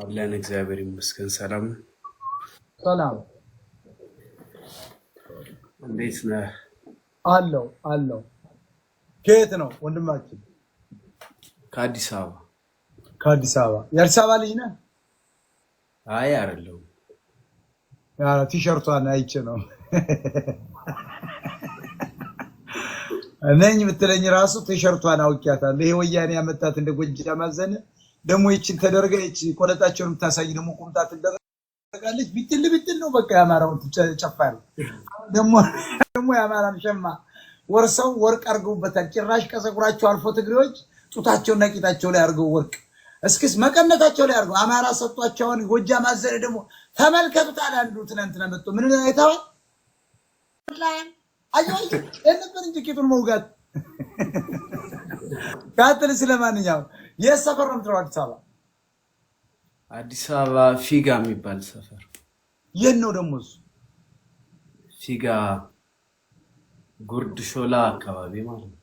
አለን እግዚአብሔር ይመስገን። ሰላም ሰላም፣ እንዴት ነህ? አለው አለው። ከየት ነው ወንድማችን? ከአዲስ አበባ። ከአዲስ አበባ። የአዲስ አበባ ልጅ ነህ? አይ አይደለሁም። ቲሸርቷን አይቼ ነው ነኝ የምትለኝ ራሱ ቲሸርቷን አውቂያታለሁ። ይሄ ወያኔ ያመጣት እንደ ጎጃም አዘነ ደግሞ ይችን ተደርገ ይች ቆለጣቸውን የምታሳይ ደግሞ ቁምጣ ትደረጋለች። ብትል ብትል ነው በቃ የአማራውን ጨፋሪ ደግሞ የአማራን ሸማ ወርሰው ወርቅ አድርገውበታል። ጭራሽ ከፀጉራቸው አልፎ ትግሬዎች ጡታቸውና ቂጣቸው ላይ አድርገው ወርቅ እስክስ መቀነታቸው ላይ አድርገው አማራ ሰጧቸውን ጎጃ ማዘረ ደግሞ ተመልከቱታል። አለ አንዱ ትናንትና መጥቶ ምን አይተዋል ነበር እንጂ ቂጡን መውጋት ካትል ስለማንኛውም የት ሰፈር ነው የምትለው? አዲስ አበባ አዲስ አበባ ፊጋ የሚባል ሰፈር። የት ነው ደግሞ እሱ? ፊጋ ጉርድ ሾላ አካባቢ ማለት ነው።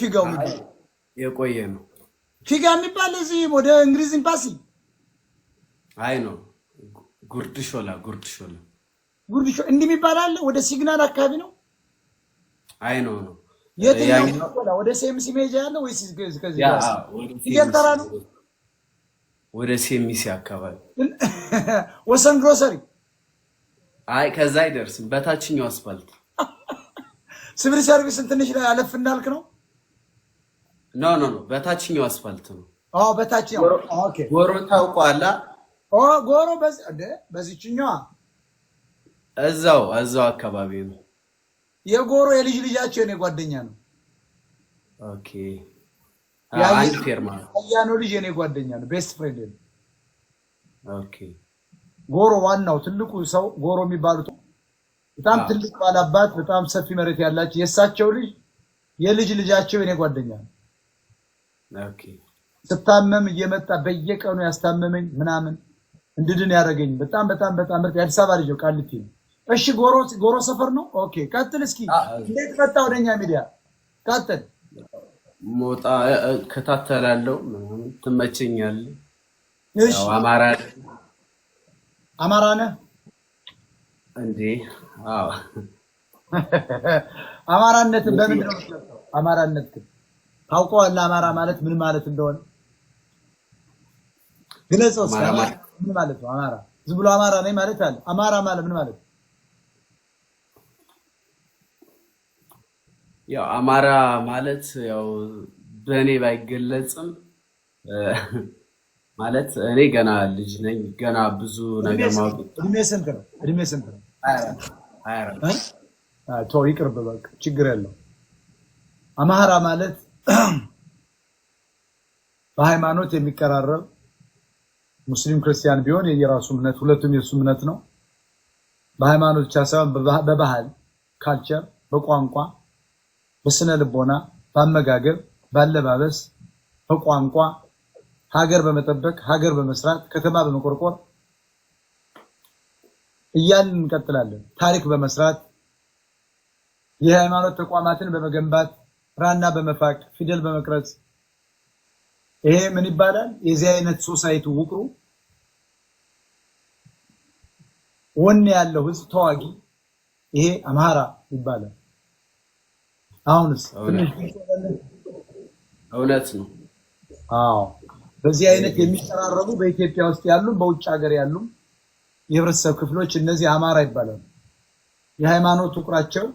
ፊጋው የቆየ ነው። ፊጋ የሚባል እዚህ ወደ እንግሊዝ ኤምባሲ። አይ ነው ጉርድ ሾላ፣ ጉርድ ሾላ ጉርድሾ እንዲህ የሚባል አለ። ወደ ሲግናል አካባቢ ነው። አይ ነው ነው የትኛው ወደ ሴምሲ መሄጃ ያለ ወይስ ከዚህ እየተራ ነው? ወደ ሴሚሲ አካባቢ ወሰን ግሮሰሪ። አይ ከዛ አይደርስም። በታችኛው አስፋልት ስብሪ ሰርቪስን ትንሽ አለፍ እንዳልክ ነው። ኖ ኖ ኖ በታችኛው አስፋልት ነው። አዎ በታችኛው። ኦኬ ጎሮ ታውቋላ? ኦ ጎሮ በዚህ በዚችኛዋ እዛው እዛው አካባቢ ነው። የጎሮ የልጅ ልጃቸው የኔ ጓደኛ ነው። ኦኬ አንድ ፌርማ ያኖ ልጅ የኔ ጓደኛ ነው። ቤስት ፍሬንድ ነው። ኦኬ ጎሮ ዋናው ትልቁ ሰው ጎሮ የሚባሉት በጣም ትልቅ ባላባት፣ በጣም ሰፊ መሬት ያላቸው የእሳቸው ልጅ የልጅ ልጃቸው የኔ ጓደኛ ነው። ኦኬ ስታመም እየመጣ በየቀኑ ያስታመመኝ ምናምን እንድድን ያደረገኝ በጣም በጣም በጣም ምርጥ የአዲስ አበባ ልጅ ቃልቲ ነው። እሺ ጎሮ ጎሮ ሰፈር ነው። ኦኬ ቀጥል እስኪ እንዴት መጣ ወደኛ ሚዲያ? ቀጥል ሞጣ ከታተላለው ትመቸኛል። እሺ አማራ አማራ ነህ እንዴ? አዎ አማራነት በምን ነው አማራነት ታውቀዋለህ? አማራ ማለት ምን ማለት እንደሆነ ግለጽ። ምን ማለት ነው አማራ? ዝም ብሎ አማራ ነኝ ማለት አለ። አማራ ማለት ምን ማለት ነው? ያው አማራ ማለት ያው በእኔ ባይገለጽም ማለት እኔ ገና ልጅ ነኝ። ገና ብዙ ነገር ማውቅ እድሜ ስንት ነው? እድሜ ስንት ነው? ተው ይቅርብ፣ በቃ ችግር የለው። አማራ ማለት በሃይማኖት የሚቀራረብ ሙስሊም ክርስቲያን ቢሆን የየራሱ እምነት ሁለቱም የሱ እምነት ነው። በሃይማኖት ብቻ ሳይሆን በባህል ካልቸር፣ በቋንቋ በስነ ልቦና፣ በአመጋገብ፣ ባለባበስ፣ በቋንቋ፣ ሀገር በመጠበቅ፣ ሀገር በመስራት፣ ከተማ በመቆርቆር እያልን እንቀጥላለን። ታሪክ በመስራት የሃይማኖት ተቋማትን በመገንባት ራና በመፋቅ ፊደል በመቅረጽ ይሄ ምን ይባላል? የዚህ አይነት ሶሳይቲ ውቅሩ ወኔ ያለው ህዝብ ተዋጊ፣ ይሄ አማራ ይባላል። አሁንስ እውነት ነው። አዎ በዚህ አይነት የሚቀራረቡ በኢትዮጵያ ውስጥ ያሉም በውጭ ሀገር ያሉ የህብረተሰብ ክፍሎች እነዚህ አማራ ይባላሉ። የሃይማኖት ውቅራቸው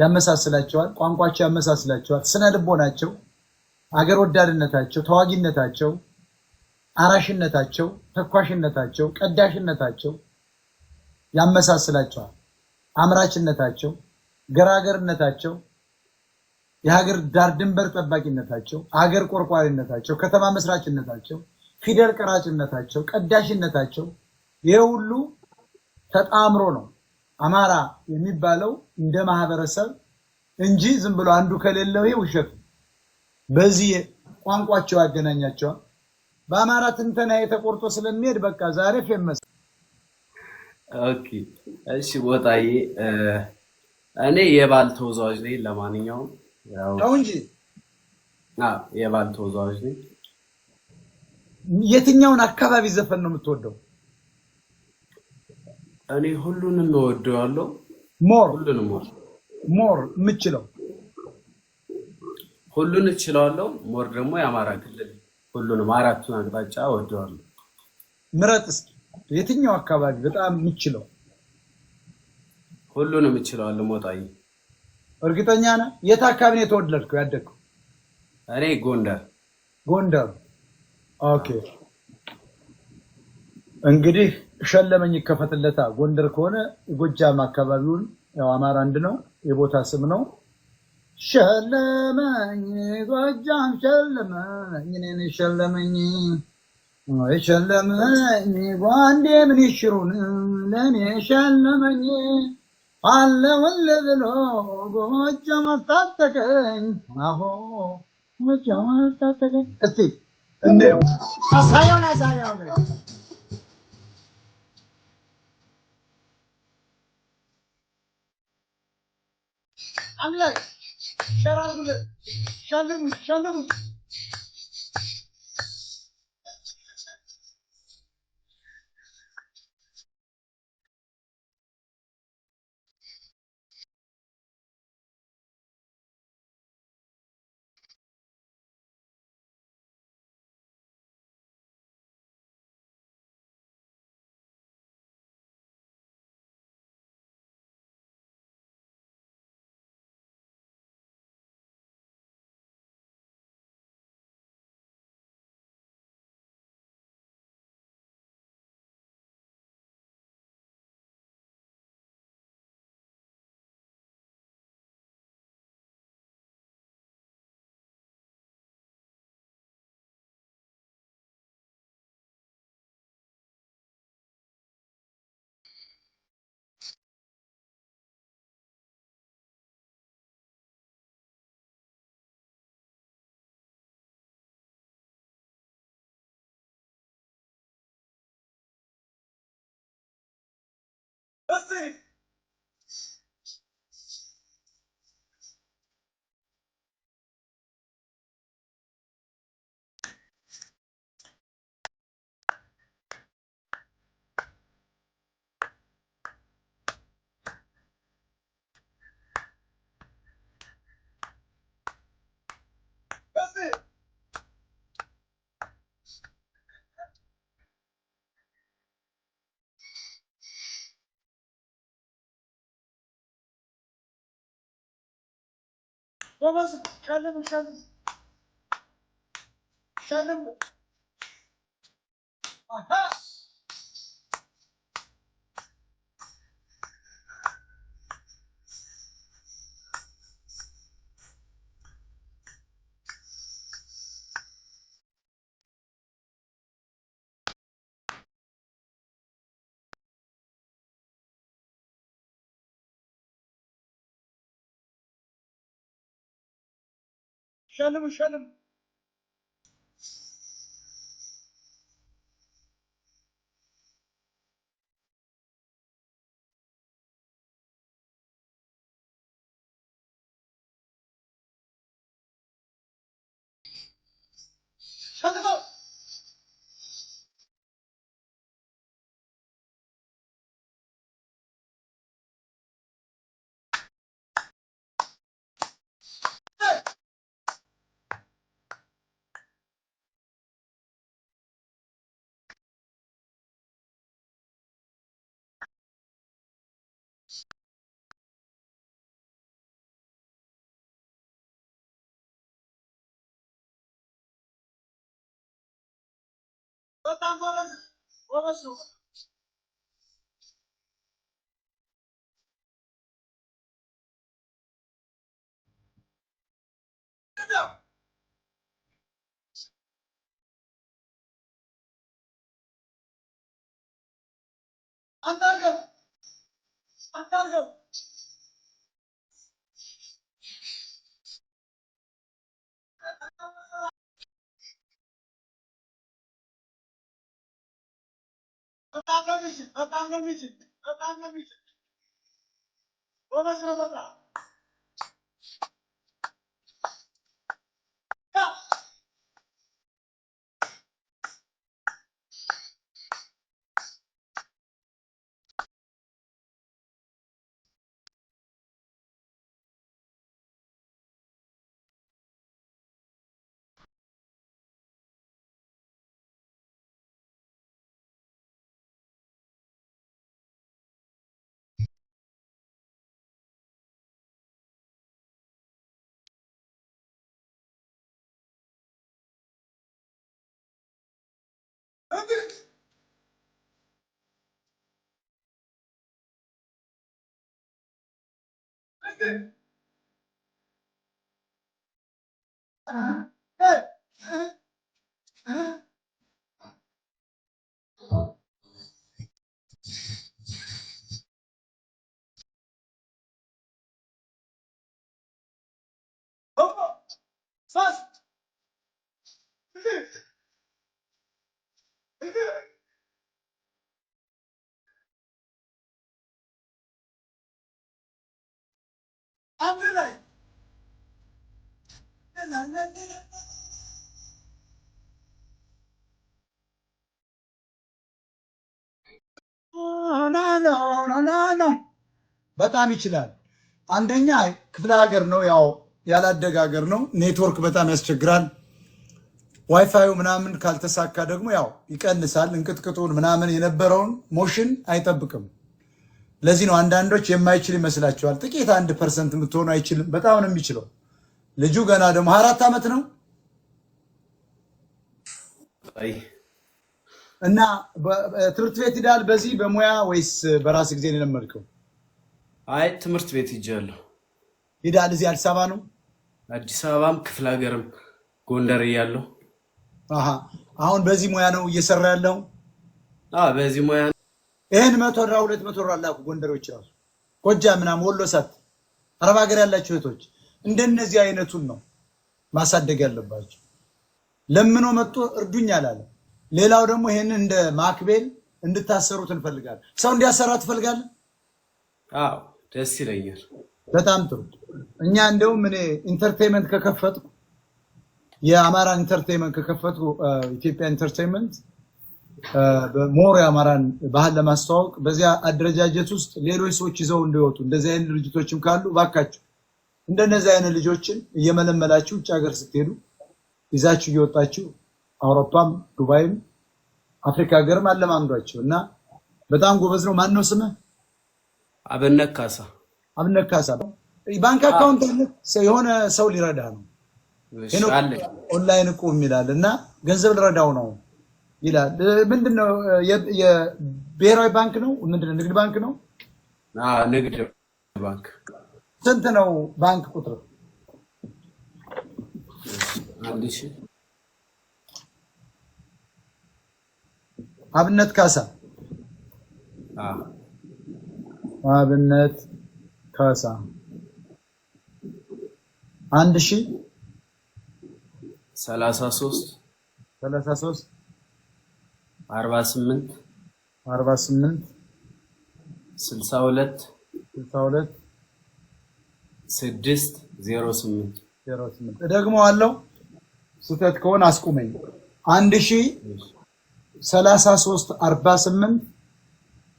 ያመሳስላቸዋል፣ ቋንቋቸው ያመሳስላቸዋል፣ ስነ ልቦናቸው፣ አገር ወዳድነታቸው፣ ተዋጊነታቸው፣ አራሽነታቸው፣ ተኳሽነታቸው፣ ቀዳሽነታቸው ያመሳስላቸዋል፣ አምራችነታቸው፣ ገራገርነታቸው የሀገር ዳር ድንበር ጠባቂነታቸው፣ ሀገር ቆርቋሪነታቸው፣ ከተማ መስራችነታቸው፣ ፊደል ቀራጭነታቸው፣ ቀዳሽነታቸው ይህ ሁሉ ተጣምሮ ነው አማራ የሚባለው እንደ ማህበረሰብ እንጂ ዝም ብሎ አንዱ ከሌለው ውሸት ። በዚህ ቋንቋቸው ያገናኛቸዋል። በአማራ ትንተና የተቆርጦ ስለሚሄድ በቃ ዛሬ ፌመስ። ኦኬ እሺ፣ ቦታዬ እኔ የባል ተወዛዋዥ ነኝ። ለማንኛውም ተው እንጂ የባንድ ተወዛዋዥ ነኝ። የትኛውን አካባቢ ዘፈን ነው የምትወደው? እኔ ሁሉንም እወደዋለሁ። ሞር ሁሉንም ሞር የምችለው ሁሉን እችለዋለሁ። ሞር ደግሞ የአማራ ክልል ሁሉንም አራቱን አቅጣጫ እወደዋለሁ። ምረጥ እስኪ የትኛው አካባቢ በጣም የምችለው? ሁሉንም እችለዋለሁ ሞጣዬ እርግጠኛ ነህ? የት አካባቢ ነው የተወለድከው ያደግከው? እኔ ጎንደር። ጎንደር። ኦኬ። እንግዲህ ሸለመኝ ይከፈትለታ። ጎንደር ከሆነ ጎጃም አካባቢውን ያው አማራ አንድ ነው፣ የቦታ ስም ነው። ሸለመኝ ጎጃም ሸለመኝ እኔን ሸለመኝ ሸለመኝ ጓንዴ ምን ይሽሩን ለእኔ ሸለመኝ አለውን ለብሎ ጎጆ ማስታጠቀኝ አሆ ጎጆ ማስታጠቀኝ። እስቲ ሳየውን ሳየውን አምላክ ሸራሉ ሸልም ሸልም ません！Babası kendim kendim. Kendim. Aha. Şanım şanım. Botar bola, bola ও পাগলা মিছে ও পাগলা মিছে ও পাগলা মিছে ও বাসরা বাবা Fuck! በጣም ይችላል። አንደኛ ክፍለ ሀገር ነው፣ ያው ያላደገ ሀገር ነው። ኔትወርክ በጣም ያስቸግራል። ዋይፋዩ ምናምን ካልተሳካ ደግሞ ያው ይቀንሳል። እንቅጥቅጡን ምናምን የነበረውን ሞሽን አይጠብቅም። ለዚህ ነው አንዳንዶች የማይችል ይመስላቸዋል። ጥቂት አንድ ፐርሰንት የምትሆኑ አይችልም። በጣም ነው የሚችለው። ልጁ ገና ደግሞ አራት ዓመት ነው እና ትምህርት ቤት ሂዳል። በዚህ በሙያ ወይስ በራስ ጊዜ የለመድከው? አይ ትምህርት ቤት ሂጃለሁ። ይዳል እዚህ አዲስ አበባ ነው። አዲስ አበባም ክፍለ ሀገርም ጎንደር እያለሁ። አሁን በዚህ ሙያ ነው እየሰራ ያለው በዚህ ሙያ ይህን ራ ሁለት ራ ላኩ። ጎንደሮች ራሱ ጎጃ ምናም ወሎ ሳት አረብ ሀገር ያላቸው እህቶች እንደነዚህ አይነቱን ነው ማሳደግ ያለባቸው። ለምኖ መጥቶ እርዱኝ አላለ። ሌላው ደግሞ ይህን እንደ ማክቤል እንድታሰሩት እንፈልጋለን። ሰው እንዲያሰራ ትፈልጋለን? አዎ ደስ ይለኛል። በጣም ጥሩ። እኛ እንደውም እኔ ኢንተርቴንመንት ከከፈትኩ የአማራ ኢንተርቴንመንት ከከፈትኩ ኢትዮጵያ ኢንተርቴንመንት ሞሮ የአማራን ባህል ለማስተዋወቅ በዚያ አደረጃጀት ውስጥ ሌሎች ሰዎች ይዘው እንዲወጡ እንደዚህ አይነት ድርጅቶችም ካሉ ባካችሁ እንደነዚህ አይነት ልጆችን እየመለመላችሁ ውጭ ሀገር ስትሄዱ ይዛችሁ እየወጣችሁ አውሮፓም፣ ዱባይም፣ አፍሪካ ሀገርም አለማምዷቸው እና በጣም ጎበዝ ነው። ማን ነው ስምህ? አብነት ካሳ። አብነት ካሳ ባንክ አካውንት የሆነ ሰው ሊረዳ ነው። ኦንላይን እቁብ የሚላል እና ገንዘብ ልረዳው ነው ይላል። ምንድን ነው የብሔራዊ ባንክ ነው ምንድን ነው ንግድ ባንክ ነው ንግድ ባንክ። ስንት ነው ባንክ ቁጥር? አብነት ካሳ አብነት ካሳ አንድ ሺ ሰላሳ ሶስት ሰላሳ ሶስት አርባ ስምንት አርባ ስምንት ስልሳ ሁለት ስልሳ ሁለት ስድስት ዜሮ ስምንት ዜሮ ስምንት ስህተት ከሆነ አስቁመኝ። አንድ ሺህ ሰላሳ ሶስት አርባ ስምንት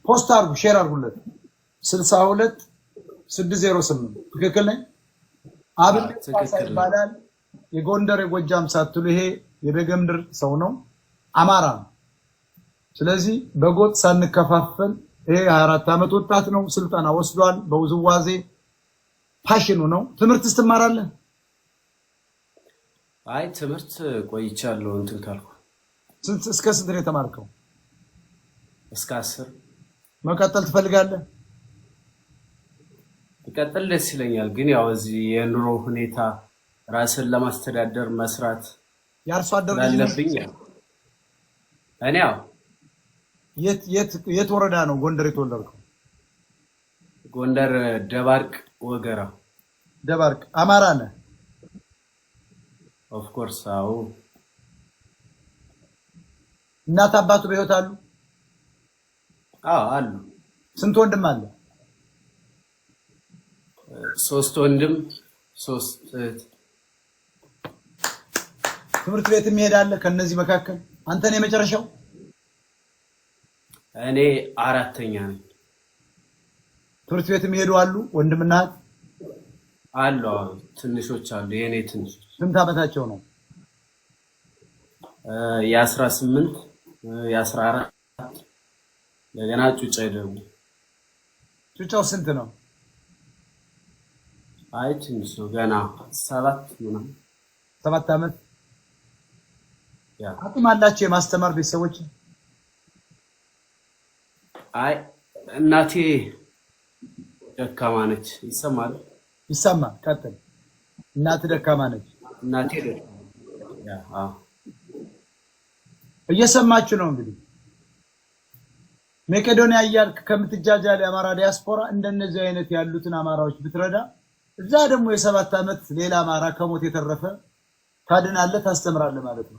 ፖስት አርጉ፣ ሼር አርጉለት። ስልሳ ሁለት ስድስት ዜሮ ስምንት ትክክል ነኝ። አብን ይባላል። የጎንደር የጎጃም ሳትሉ ይሄ የደገምድር ሰው ነው። አማራ ነው። ስለዚህ በጎጥ ሳንከፋፈል ይሄ 24 ዓመት ወጣት ነው፣ ስልጠና ወስዷል። በውዝዋዜ ፓሽኑ ነው። ትምህርት ትማራለህ? አይ ትምህርት ቆይቻለሁ እንትን ካልኩ። እስከ ስንት ነው የተማርከው? እስከ አስር መቀጠል ትፈልጋለህ? ይቀጥል ደስ ይለኛል። ግን ያው እዚህ የኑሮ ሁኔታ ራስን ለማስተዳደር መስራት ያርሶ አደር እኔ ያው የት ወረዳ ነው ጎንደር የተወለድከው? ጎንደር ደባርቅ ወገራ። ደባርቅ አማራ ነህ? ኦፍኮርስ አዎ። እናት አባቱ በህይወት አሉ? አዎ አሉ። ስንት ወንድም አለ? ሶስት ወንድም ሶስት እህት። ትምህርት ቤት የሚሄዳለህ ከነዚህ መካከል አንተ ነው የመጨረሻው? እኔ አራተኛ ነኝ። ትምህርት ቤት የሚሄዱ አሉ? ወንድምና አሉ? ትንሾች አሉ። የእኔ ትንሾች ስንት ዓመታቸው ነው? የአስራ ስምንት የአስራ አራት እንደገና ጩጫ ደግሞ ጩጫው ስንት ነው? አይ ትንሽ ነው ገና ሰባት ምናምን ሰባት ዓመት አቅም አላቸው የማስተማር ቤተሰቦች እናቴ ደካማ ነች። ይሰማል? ይሰማ። ቀጥል። እናት ደካማ ነች። እናቴ እየሰማችሁ ነው እንግዲህ መቄዶንያ እያልክ ከምትጃጃል የአማራ ዲያስፖራ እንደነዚህ አይነት ያሉትን አማራዎች ብትረዳ፣ እዛ ደግሞ የሰባት ዓመት ሌላ አማራ ከሞት የተረፈ ታድናለህ፣ ታስተምራለህ ማለት ነው።